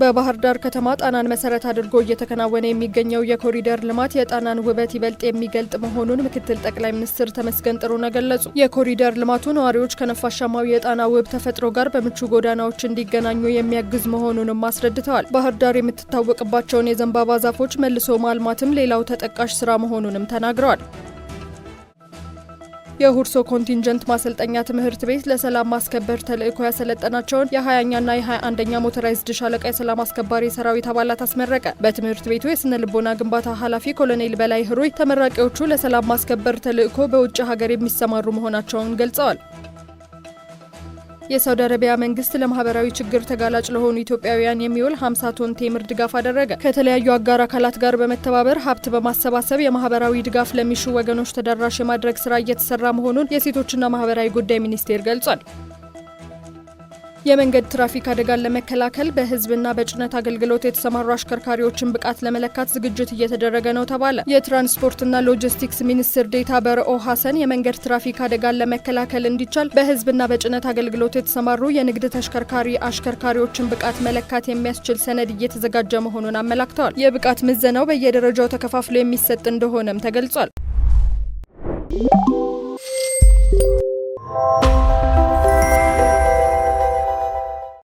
በባህር ዳር ከተማ ጣናን መሰረት አድርጎ እየተከናወነ የሚገኘው የኮሪደር ልማት የጣናን ውበት ይበልጥ የሚገልጥ መሆኑን ምክትል ጠቅላይ ሚኒስትር ተመስገን ጥሩነህ ገለጹ። የኮሪደር ልማቱ ነዋሪዎች ከነፋሻማው የጣና ውብ ተፈጥሮ ጋር በምቹ ጎዳናዎች እንዲገናኙ የሚያግዝ መሆኑንም አስረድተዋል። ባህር ዳር የምትታወቅባቸውን የዘንባባ ዛፎች መልሶ ማልማትም ሌላው ተጠቃሽ ስራ መሆኑንም ተናግረዋል። የሁርሶ ኮንቲንጀንት ማሰልጠኛ ትምህርት ቤት ለሰላም ማስከበር ተልዕኮ ያሰለጠናቸውን የ20ኛና የ21ኛ ሞተራይዝድ ሻለቃ የሰላም አስከባሪ ሰራዊት አባላት አስመረቀ። በትምህርት ቤቱ የስነ ልቦና ግንባታ ኃላፊ ኮሎኔል በላይ ህሩይ ተመራቂዎቹ ለሰላም ማስከበር ተልዕኮ በውጭ ሀገር የሚሰማሩ መሆናቸውን ገልጸዋል። የሳውዲ አረቢያ መንግስት ለማህበራዊ ችግር ተጋላጭ ለሆኑ ኢትዮጵያውያን የሚውል 50 ቶን ቴምር ድጋፍ አደረገ። ከተለያዩ አጋር አካላት ጋር በመተባበር ሀብት በማሰባሰብ የማህበራዊ ድጋፍ ለሚሹ ወገኖች ተደራሽ የማድረግ ስራ እየተሰራ መሆኑን የሴቶችና ማህበራዊ ጉዳይ ሚኒስቴር ገልጿል። የመንገድ ትራፊክ አደጋን ለመከላከል በህዝብና በጭነት አገልግሎት የተሰማሩ አሽከርካሪዎችን ብቃት ለመለካት ዝግጅት እየተደረገ ነው ተባለ። የትራንስፖርትና ሎጂስቲክስ ሚኒስትር ዴታ በርኦ ሀሰን የመንገድ ትራፊክ አደጋን ለመከላከል እንዲቻል በህዝብና በጭነት አገልግሎት የተሰማሩ የንግድ ተሽከርካሪ አሽከርካሪዎችን ብቃት መለካት የሚያስችል ሰነድ እየተዘጋጀ መሆኑን አመላክተዋል። የብቃት ምዘናው በየደረጃው ተከፋፍሎ የሚሰጥ እንደሆነም ተገልጿል።